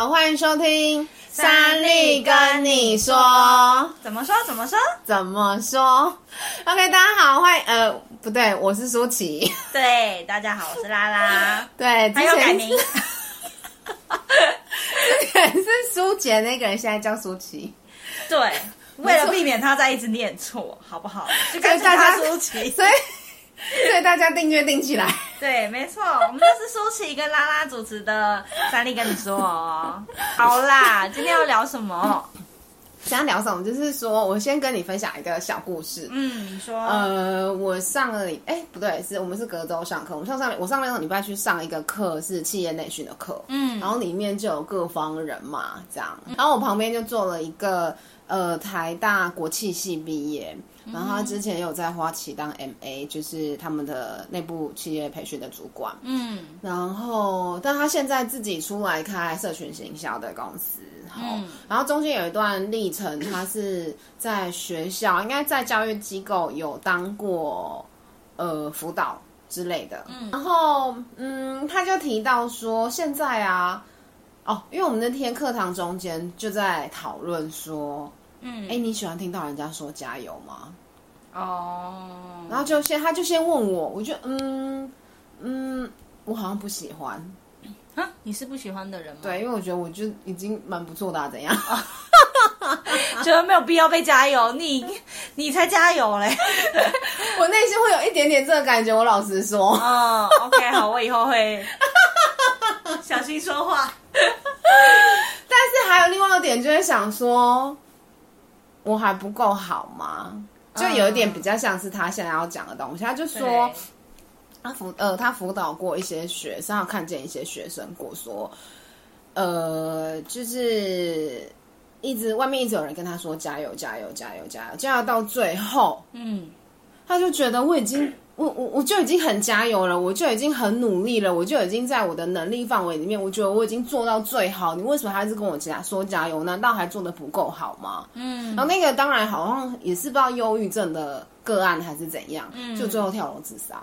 好，歡迎收聽三立跟你說，怎麼說？怎麼說？怎麼說？OK，大家好，歡迎呃，不對，我是舒淇。對，大家好，我是拉拉。對，還要改名。之前是舒杰那個人，現在叫舒淇。對，為了避免他再一直念錯，好不好？就改叫他舒淇。所以。對，大家訂閱訂起來， 對，沒錯，我們就是收起一個拉拉主持的三麗跟你說哦，好啦，今天要聊什麼？嗯、想要聊什麼？就是說我先跟你分享一個小故事。嗯，你說。呃，我上了，哎、欸，不對，是我們是隔周上課，我上上我上那個禮拜去上一個課是企業內訓的課，嗯，然後裡面就有各方人嘛，這樣，然後我旁邊就坐了一個。呃，台大國際系畢業，然後他之前也有在花旗當 M A，嗯、就是他們的內部企業培訓的主管。嗯，然後，但他現在自己出來開社群行銷的公司。好，嗯，然後中間有一段歷程，他是在學校，嗯、應該在教育機構有當過呃輔導之類的。嗯、然後，嗯，他就提到說，現在啊，哦，因為我們那天課堂中間就在討論說。嗯，哎、欸，你喜歡聽到人家說加油嗎？哦，然後就先，他就先問我，我就嗯嗯，我好像不喜歡。你是不喜歡的人嗎？對，因為我覺得我就已經蠻不錯的、啊，怎樣？覺得沒有必要被加油，你你才加油嘞！ 我內心會有一點點這個感覺，我老實說。哦，OK，好，我以後會小心說話。 但是還有另外一個點，就是想說。我還不夠好嗎？嗯，就有一點比較像是他現在要講的東西。他就說，對他輔呃，他輔導過一些學生，看見一些學生過說，呃，就是一直外面一直有人跟他說加油加油加油加油、加油，加油到最後，嗯，他就覺得我已經。 我我我就已經很加油了，我就已經很努力了，我就已經在我的能力範圍裡面，我覺得我已經做到最好。你為什麼還是跟我講說加油？難道還做得不夠好嗎？嗯。然後那個當然好像也是不知道憂鬱症的個案還是怎樣，嗯、就最後跳樓自殺。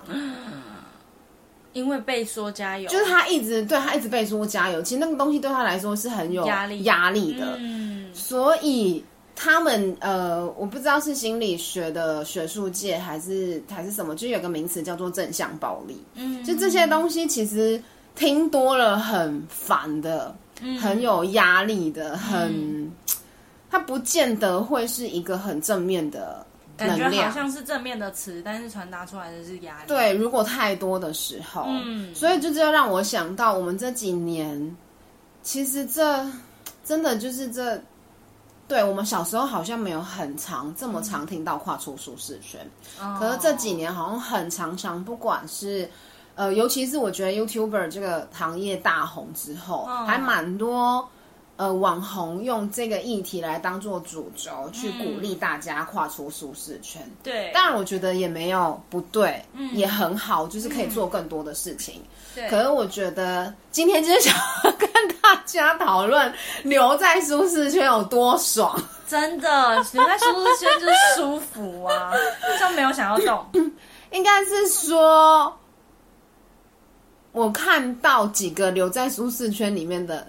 因為被說加油，就是他一直對他一直被說加油，其實那個東西對他來說是很有壓力壓力的，力嗯、所以。他們呃，我不知道是心理學的學術界還是還是什麼，就有個名詞叫做正向暴力。嗯，就這些東西其實聽多了很煩的，嗯、很有壓力的，很，嗯、它不見得會是一個很正面的能量。感覺好像是正面的詞，但是傳達出來的是壓力。對，如果太多的時候，嗯，所以就這樣讓我想到，我們這幾年其實這真的就是這。對，我們小時候好像沒有很常這麼常聽到跨出舒適圈，嗯、可是這幾年好像很常常，不管是，哦、呃，尤其是我覺得 YouTuber 這個行業大紅之後，哦、還蠻多呃網紅用這個議題來當做主軸，嗯、去鼓勵大家跨出舒適圈。對，當然我覺得也沒有不對，嗯、也很好，就是可以做更多的事情。嗯、可對，可是對，我覺得今天就是。他討論留在舒適圈有多爽，真的留在舒適圈就舒服啊， 就沒有想要動。應該是說，我看到幾個留在舒適圈裡面的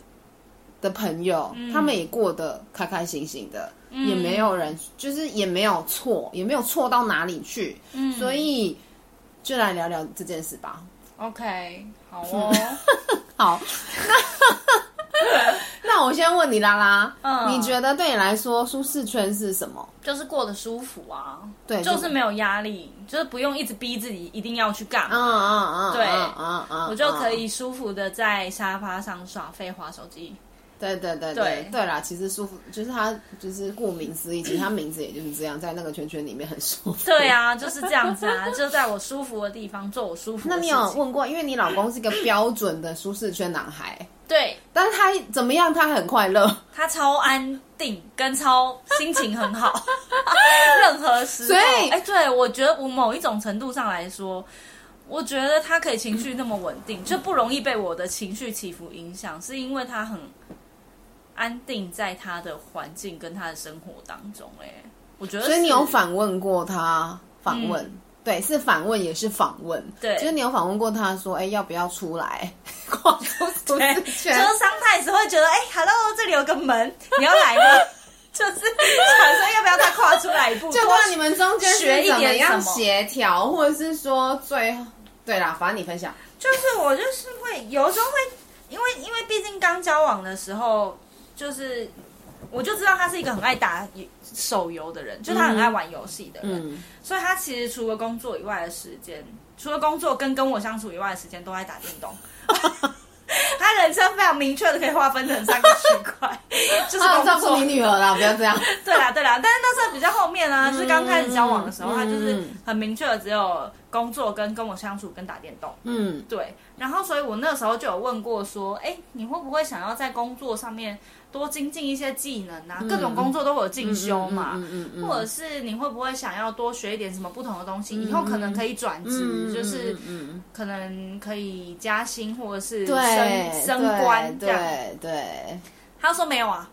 的朋友，嗯、他們也過得開開心心的，嗯、也沒有人，就是也沒有錯，也沒有錯到哪裡去。嗯、所以就來聊聊這件事吧。OK，好哦，嗯、 好。 那我先問你，啦啦，嗯你覺得對你來說舒適圈是什麼？就是過得舒服啊，對，就是沒有壓力，就是不用一直逼自己一定要去幹嘛，嗯嗯嗯對，啊啊，我就可以舒服的在沙發上耍廢、滑手機。對對對對對啦，其實舒服就是他，就是顧名思義，其實他名字也就是這樣，在那個圈圈裡面很舒服。對啊，就是這樣子啊，就在我舒服的地方做我舒服。那你有問過，因為你老公是一個標準的舒適圈男孩，對。但是他怎麼樣？他很快樂，他超安定，跟超心情很好， 任何時候以。哎、欸，對我覺得，我某一種程度上來說，我覺得他可以情緒那麼穩定，嗯、就不容易被我的情緒起伏影響，嗯、是因為他很安定在他的環境跟他的生活當中、欸。哎，我覺得，所以你有反問過他？訪問，嗯、對，是反問也是訪問，對，就是你有訪問過他說，哎、欸，要不要出來？溝 就是,是全商太只會覺得哎、欸、，Hello，這裡有個門，你要來嗎？ 就是產生要不要他跨出來一步，就讓你們中間學一點樣協調，或者是說最對啦，反正你分享，就是我就是會有時候會因為因為畢竟剛交往的時候，就是我就知道他是一個很愛打手遊的人，嗯、就他很愛玩遊戲的人，嗯、所以他其實除了工作以外的時間，除了工作跟跟我相處以外的時間，都愛打電動。 他人生非常明確的可以劃分成三個區塊， 就是工作。不你女兒啦，不要這樣。 對啦，對啦，但是那時候。比較後面啊，就是剛開始交往的時候，嗯嗯、他就是很明確的，只有工作跟跟我相處跟打電動。嗯，對。然後，所以我那時候就有問過說，哎、欸，你會不會想要在工作上面多精進一些技能啊？嗯、各種工作都會有進修嘛，嗯，嗯嗯嗯或者是你會不會想要多學一點什麼不同的東西？嗯、以後可能可以轉職，嗯、就是可能可以加薪或者是升對升官對，對對。他說沒有啊。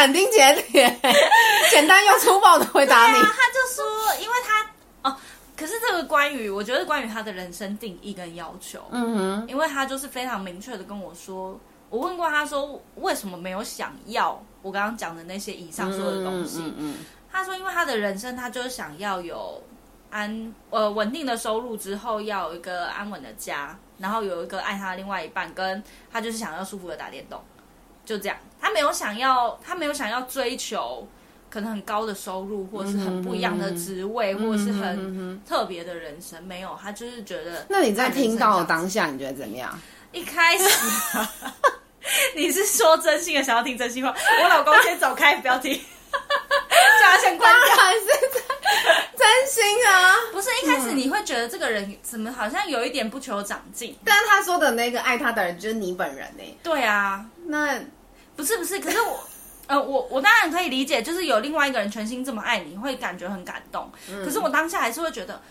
斬釘截鐵、簡單又粗暴的回答你。 啊、他就說，因為他哦，可是這個關於，我覺得關於他的人生定義跟要求，嗯哼，因為他就是非常明確的跟我說。我問過他說，為什麼沒有想要我剛剛講的那些以上說的東西？嗯，嗯，嗯，嗯他說，因為他的人生，他就是想要有安呃穩定的收入之後，要有一個安穩的家，然後有一個愛他的另外一半，跟他就是想要舒服的打電動，就這樣。他沒有想要，他沒有想要追求可能很高的收入，或是很不一樣的職位，或是很特別的人生。沒有，他就是覺得。那你在聽到的當下，你覺得怎麼樣？ 一開始， 你是說真心的，想要聽真心話。我老公先走開，不要聽，叫 他先關掉。還是真心啊， 不是一開始你會覺得這個人怎麼好像有一點不求長進、嗯？但是他說的那個愛他的人就是你本人呢、欸？ 對啊，那。不是不是，可是我，呃，我我當然可以理解，就是有另外一個人全心這麼愛你，會感覺很感動。嗯。可是我當下還是會覺得，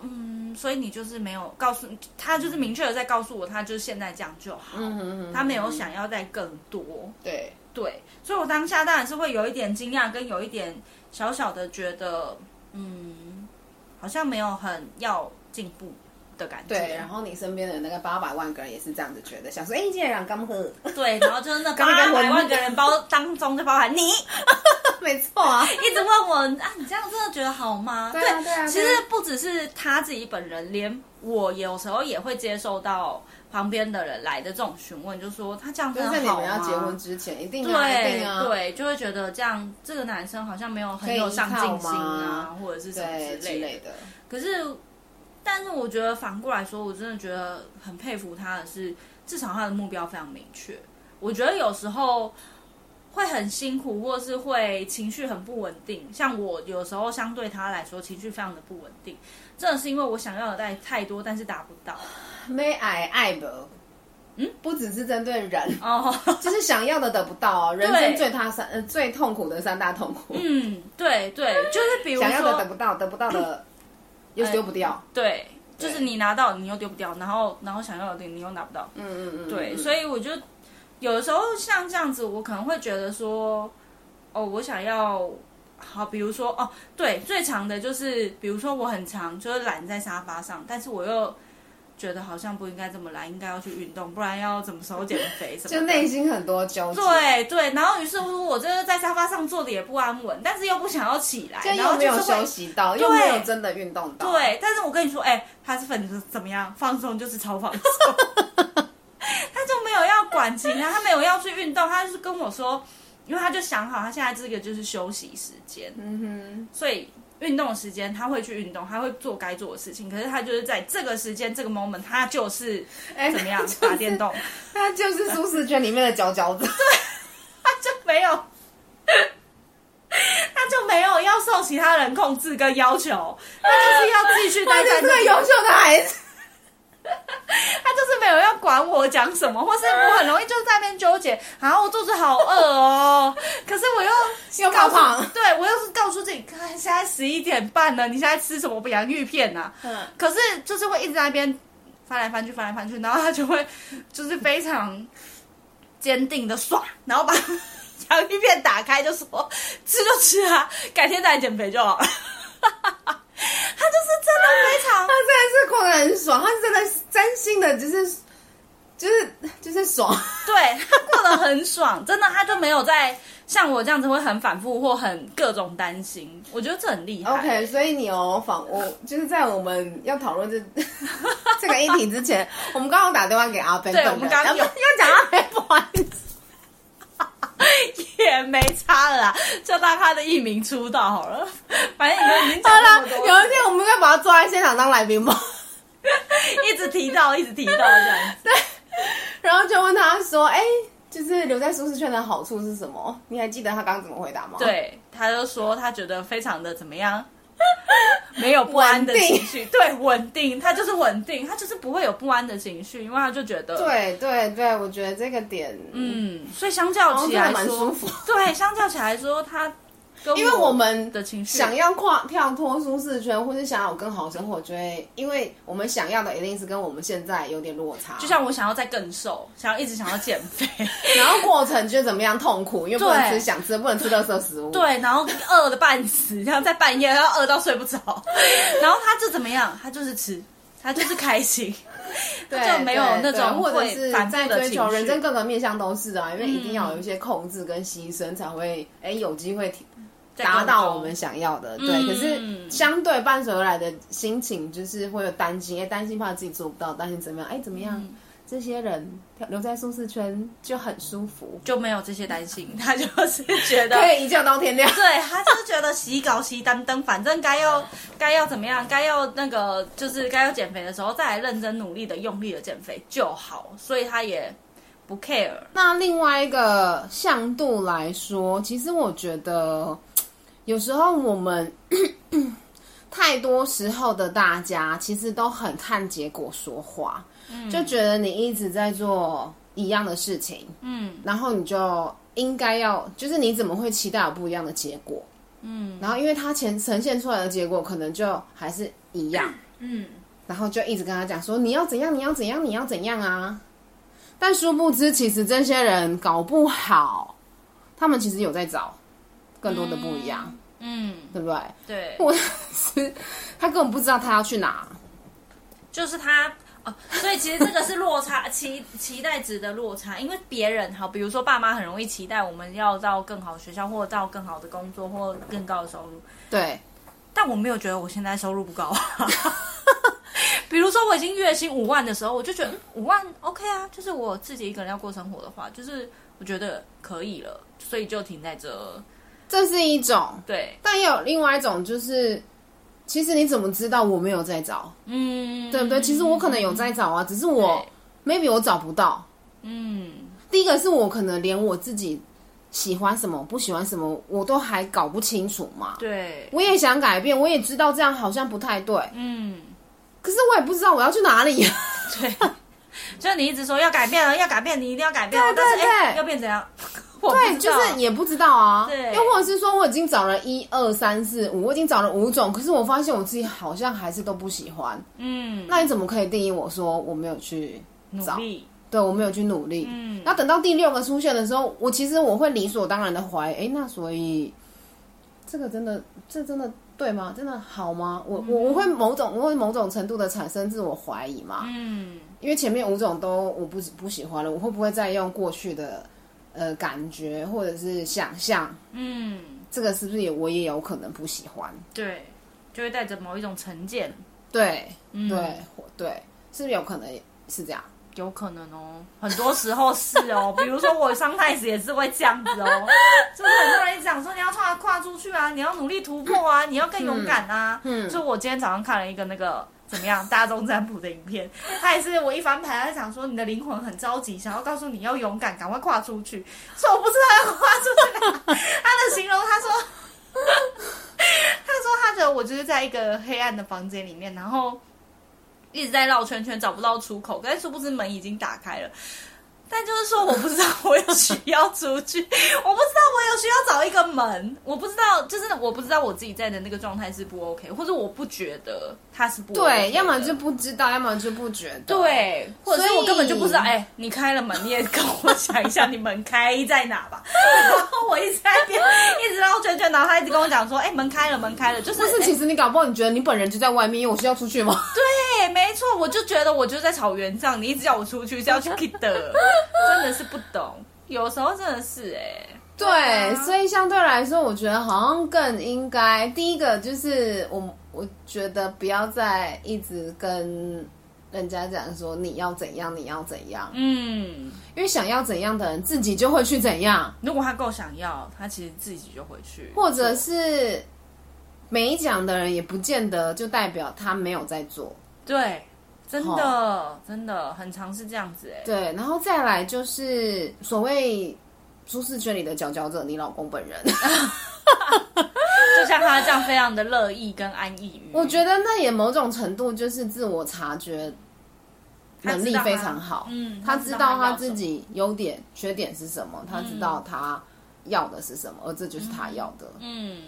嗯，所以你就是沒有告訴他，就是明確的在告訴我，他就是現在這樣就好，嗯嗯嗯，他沒有想要再更多。對對，所以我當下當然是會有一點驚訝，跟有一點小小的覺得，嗯，好像沒有很要進步。對，然後你身邊的那個八百萬個人也是這樣子覺得，想說，哎，你今天些人剛和對，然後就是那八百萬個人包當中就包含你，沒錯啊，一直問我啊，你這樣真的覺得好嗎？對，對，其實不只是他自己本人，連我有時候也會接受到旁邊的人來的這種詢問，就說他這樣真的好嗎？你們要結婚之前一定要對，就會覺得這樣這個男生好像沒有很有上進心啊，或者是什麼之類的，可是。但是我覺得反過來說，我真的覺得很佩服他的是，至少他的目標非常明確。我覺得有時候會很辛苦，或是會情緒很不穩定。像我有時候相對他來說，情緒非常的不穩定，真的是因為我想要的太太多，但是達不到。May I 愛的，嗯，不只是針對人哦，oh, 就是想要的得不到、啊，對人生最大三、呃、最痛苦的三大痛苦。嗯，對對，就是比如說想要的得不到，得不到的。嗯又丟不掉、嗯，對，就是你拿到，你又丟不掉，對然後然後想要的你又拿不到，嗯嗯，嗯嗯嗯，對，所以我就有的時候像這樣子，我可能會覺得說，哦，我想要，好，比如說哦，對，最常的就是，比如說我很常，就是懶在沙發上，但是我又。覺得好像不應該這麼懶，應該要去運動，不然要什麼時候減肥？什麼就內心很多糾結。對對，然後於是乎，我這是在沙發上坐得也不安穩，但是又不想要起來，就又沒有休息到，對又沒有真的運動到。對，但是我跟你說，哎、欸，他是粉絲怎麼樣？放鬆就是超放鬆， 他就沒有要管其他，他沒有要去運動，他就是跟我說，因為他就想好，他現在這個就是休息時間，嗯哼，所以。運動的時間，他會去運動，他會做該做的事情。可是他就是在這個時間、這個 moment，他就是怎麼樣打、欸就是、電動？他就是舒適圈裡面的佼佼者。 他就沒有，他就沒有要受其他人控制跟要求。他就是要繼續，他 就是最優秀的孩子。沒有要管我講什麼，或是我很容易就是在那邊糾結，啊，我肚子好餓哦，可是我又又告訴，對，我又是告訴自己看現在十一點半了，你現在吃什麼洋芋片啊？嗯，可是就是會一直在那邊翻來翻去翻來翻去，然後他就會就是非常堅定的爽，然後把洋芋片打開就說吃就吃啊，改天再來減肥就好。他就是真的非常，他真的是過得很爽，他這。就是，就是，就是爽對。對，他過得很爽， 真的，他就沒有在像我這樣子會很反覆或很各種擔心。我覺得這很厲害。OK，所以你有訪，我就是在我們要討論這 這個議題之前，我們剛剛打電話給阿飛，對，人我們剛剛又講阿菲 不好意思， 也沒差了啦，就當他的藝名出道好了。反正你已經影響、啊、有一天我們應該把他抓在現場當來賓吧。 一直提到，一直提到這樣子。 對，然後就問他說：“哎、欸，就是留在舒適圈的好處是什麼？你還記得他剛剛怎麼回答嗎？”對，他就說他覺得非常的怎麼樣，沒有不安的情緒。穩定對，穩定，他就是穩定，他就是不會有不安的情緒，因為他就覺得。對對對，我覺得這個點，嗯，所以相較起來、哦、蠻舒服。對，相較起來說他。跟因為我們想要跨跳脫舒適圈，或是想要有更好的生活，就會因為我們想要的一定是跟我們現在有點落差。就像我想要再更瘦，想要一直想要減肥， 然後過程就怎麼樣痛苦，因為不能吃想吃，對不能吃垃圾食物。對，然後餓了半死，然後在半夜要餓到睡不着，然後他就怎麼樣？他就是吃，他就是開心，對， 就沒有那種或者是。反在追求人生各個面向都是的，啊，因為一定要有一些控制跟犧牲，才會哎、嗯欸、有機會。達到我們想要的，對，嗯、可是相對伴隨而來的心情就是會有擔心，哎、欸，擔心怕自己做不到，擔心怎麼樣，哎、欸，怎麼樣？嗯、這些人留在舒適圈，就很舒服，就沒有這些擔心，他就是覺得 可以一覺到天亮，對，他就是覺得洗澡、洗單燈，反正該要該 要怎麼樣，該要那個就是該要減肥的時候，再來認真努力的用力的減肥就好，所以他也不 care。那另外一個向度來說，其實我覺得。有時候我們 太多時候的大家其實都很看結果說話，就覺得你一直在做一樣的事情，嗯，然後你就應該要，就是你怎麼會期待有不一樣的結果，嗯，然後因為他前呈現出來的結果可能就還是一樣，嗯，然後就一直跟他講說你要怎樣，你要怎樣，你要怎樣啊，但殊不知其實這些人搞不好，他們其實有在找。更多的不一樣，嗯，嗯，對不對？對，我是他根本不知道他要去哪，就是他、哦、所以其實這個是落差期 期待值的落差，因為別人好，比如說爸媽很容易期待我們要到更好的學校，或到更好的工作，或更高的收入。對，但我沒有覺得我現在收入不高啊。 比如說我已經月薪五萬的時候，我就覺得五萬 OK 啊，就是我自己一個人要過生活的話，就是我覺得可以了，所以就停在這。這是一種對，但也有另外一種，就是其實你怎麼知道我沒有在找？嗯，對不對？其實我可能有在找啊，只是我 maybe 我找不到。嗯，第一個是我可能連我自己喜歡什麼、不喜歡什麼，我都還搞不清楚嘛。對，我也想改變，我也知道這樣好像不太對。嗯，可是我也不知道我要去哪裡。對，就你一直說要改變了，要改變，你一定要改變。對對對，要變怎樣？對，就是也不知道啊。對，又或者是說，我已經找了一二三四五，我已經找了五種，可是我發現我自己好像還是都不喜歡。嗯，那你怎麼可以定義我說我沒有去找努力？對，我沒有去努力。嗯，那等到第六個出現的時候，我其實我會理所當然的懷疑，哎，那所以這個真的，這真的對嗎？真的好嗎？我我我會某種我會某種程度的產生自我懷疑嘛？嗯，因為前面五種都我不不喜歡了，我會不會再用過去的？呃，感覺或者是想象，嗯，這個是不是也我也有可能不喜歡？對，就會帶着某一種成見。對，嗯、對，對，是不是有可能是這樣？有可能哦，很多時候是哦， 比如說我上太子也是會這樣子哦，就是，是很多人講說你要跨跨出去啊，你要努力突破啊，嗯、你要更勇敢啊。嗯，所以我今天早上看了一個那個。怎麼樣？大眾占卜的影片，他也是我一翻牌，他就想說你的靈魂很着急，想要告訴你要勇敢，趕快跨出去。所以我不知道要跨出去。他的形容，他說，他說他覺得我就是在一個黑暗的房間裡面，然後一直在繞圈圈，找不到出口，可是殊不知門已經打開了。但就是說，我不知道我有需要出去， 我不知道我有需要找一個門，我不知道，就是我不知道我自己在的那個狀態是不 OK，或者我不覺得他是不 OK。對，要麼就不知道，要麼就不覺得。對，所以我根本就不知道。哎、欸，你開了門，你也跟我講一下你門開在哪吧。 然後我一直在邊一直繞圈圈，然後他一直跟我講說：“哎、欸，門開了，門開了。”就是，但是，其實你搞不好，你覺得你本人就在外面，因為我需要出去嗎？對，沒錯，我就覺得我就在草原上，你一直叫我出去是要去 K i 的。真的是不懂，有時候真的是哎、欸，對啊、對，所以相對來說，我覺得好像更應該第一個就是我，我覺得不要再一直跟人家講說你要怎樣，你要怎樣，嗯，因為想要怎樣的人自己就會去怎樣。如果他夠想要，他其實自己就會去，或者是沒講的人也不見得就代表他沒有在做，對。真的，好真的很常是這樣子哎、欸。對，然後再來就是所謂舒適圈裡的佼佼者，你老公本人， 就像他這樣，非常的樂意跟安逸。我覺得那也某種程度就是自我察覺能力非常好。嗯，他知道他，他，知道他自己優點、缺點是什麼，他知道他要的是什麼，嗯、而這就是他要的。嗯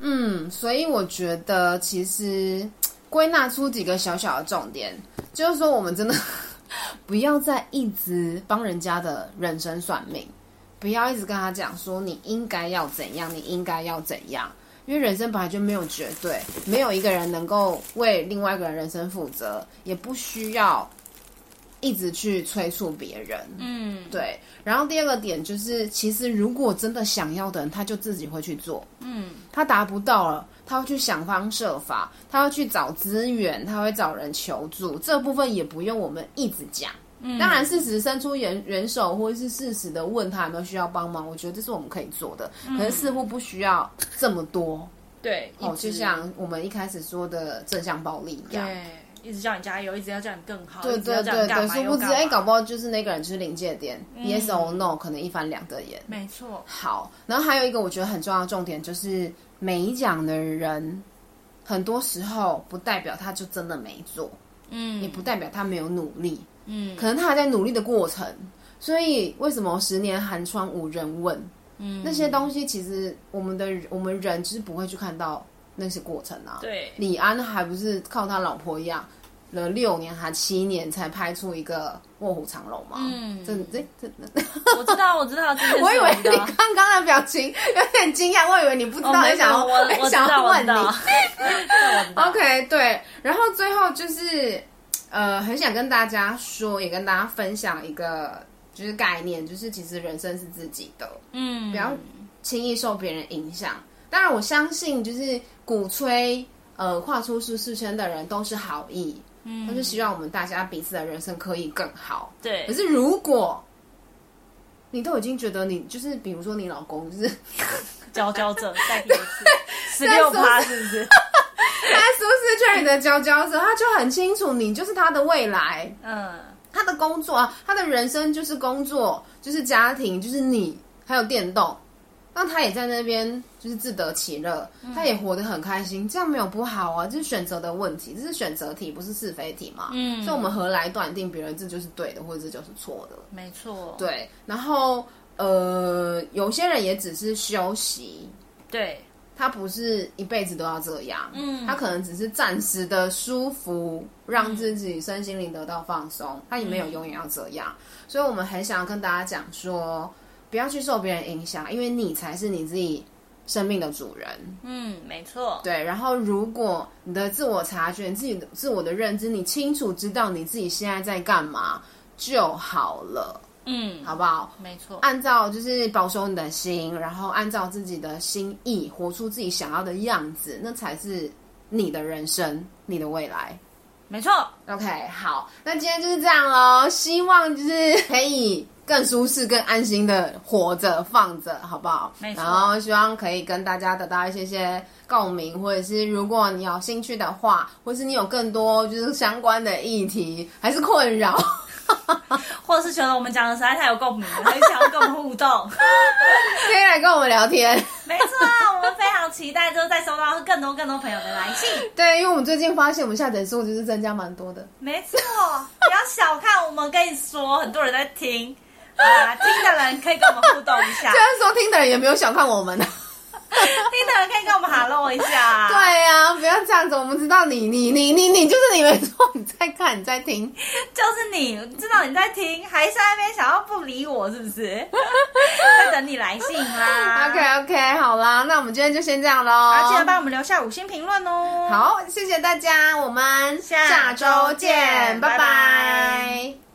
嗯，所以我覺得其實。歸納出幾個小小的重點，就是說，我們真的不要再一直幫人家的人生算命，不要一直跟他講說你應該要怎樣，你應該要怎樣，因為人生本來就沒有絕對，沒有一個人能夠為另外一個人人生負責，也不需要。一直去催促別人，嗯，對。然後第二個點就是，其實如果真的想要的人，他就自己會去做，嗯，他達不到了，他會去想方設法，他會去找資源，他會找人求助。這個、部分也不用我們一直講，嗯，當然事實伸出援援手，或者是事實的問他有沒有需要幫忙。我覺得這是我們可以做的，嗯、可能似乎不需要這麼多，對，哦，就像我們一開始說的正向暴力一樣。對一直叫你加油，一直要叫你更好。對對對對，殊不知哎、欸，搞不好就是那個人就是臨界點。嗯、Yes or no，可能一翻兩瞪眼。沒錯。好，然後還有一個我覺得很重要的重點就是，沒講的人，很多時候不代表他就真的沒做。嗯。也不代表他沒有努力。嗯。可能他還在努力的過程，所以為什麼十年寒窗無人問？嗯，那些東西其實我們的我們人就是不會去看到那些過程啊。對。李安還不是靠他老婆一樣。了六年，還七年才拍出一個長嗎，《臥虎藏龍》嘛？嗯，真真真的，我知道，我知道，我以為你剛剛的表情有點驚訝，我以為你不知道，想，想問你。OK，對，然後最後就是，呃，很想跟大家說，也跟大家分享一個就是概念，就是其實人生是自己的，嗯，不要輕易受別人影響。當然，我相信就是鼓吹呃跨出舒適圈的人都是好意。嗯，他就希望我們大家彼此的人生可以更好。對，可是如果你都已經覺得你就是，比如說你老公就是佼佼者，焦焦 代表十六趴是不是？ 他是不是舒適圈裡的佼佼者？他就很清楚你，你就是他的未來。嗯，嗯，他的工作啊，他的人生就是工作，就是家庭，就是你，還有電動。那他也在那邊，就是自得其樂，他也活得很開心，嗯、這樣沒有不好啊。這、就是選擇的問題，這是選擇題，不是是非題嘛。嗯，所以我們何來斷定別人這就是對的，或者這就是錯的？沒錯。對，然後呃，有些人也只是休息，對他不是一輩子都要這樣，嗯，他可能只是暫時的舒服，讓自己身心靈得到放鬆，他也沒有永遠要這樣。嗯、所以我們很想要跟大家講說。不要去受別人影響，因為你才是你自己生命的主人。嗯，沒錯。對，然後如果你的自我察覺、你自己的自我的認知，你清楚知道你自己現在在幹嘛就好了。嗯，好不好？沒錯。按照就是保守你的心，然後按照自己的心意，活出自己想要的樣子，那才是你的人生，你的未來。沒錯。OK，好，那今天就是這樣嘍。希望就是可以。更舒適、更安心的活着、放着，好不好？沒錯。然後希望可以跟大家得到一些些共鳴，或者是如果你有興趣的話，或是你有更多就是相關的議題，還是困擾， 或者是覺得我們講的實在太有共鳴了，還想要跟我們互動， 可以來跟我們聊天。沒錯，我們非常期待，就是在收到更多更多朋友的來信。對，因為我們最近發現，我們下載數就是增加蠻多的。沒錯，不要小看我們，跟你說，很多人在聽。啊！聽的人可以跟我們互動一下。雖然說聽的人也沒有想看我們呢， 聽的人可以跟我們哈嘍一下。 對呀、啊，不要這樣子，我們知道你你你你你就是你沒錯，你在看你在聽，就是你知道你在聽，還是在那邊想要不理我是不是？在 等你來信啦、啊。OK OK，好啦，那我們今天就先這樣嘍，記得幫我們留下五星評論哦。好，謝謝大家，我們下周見，下週見，拜拜。拜拜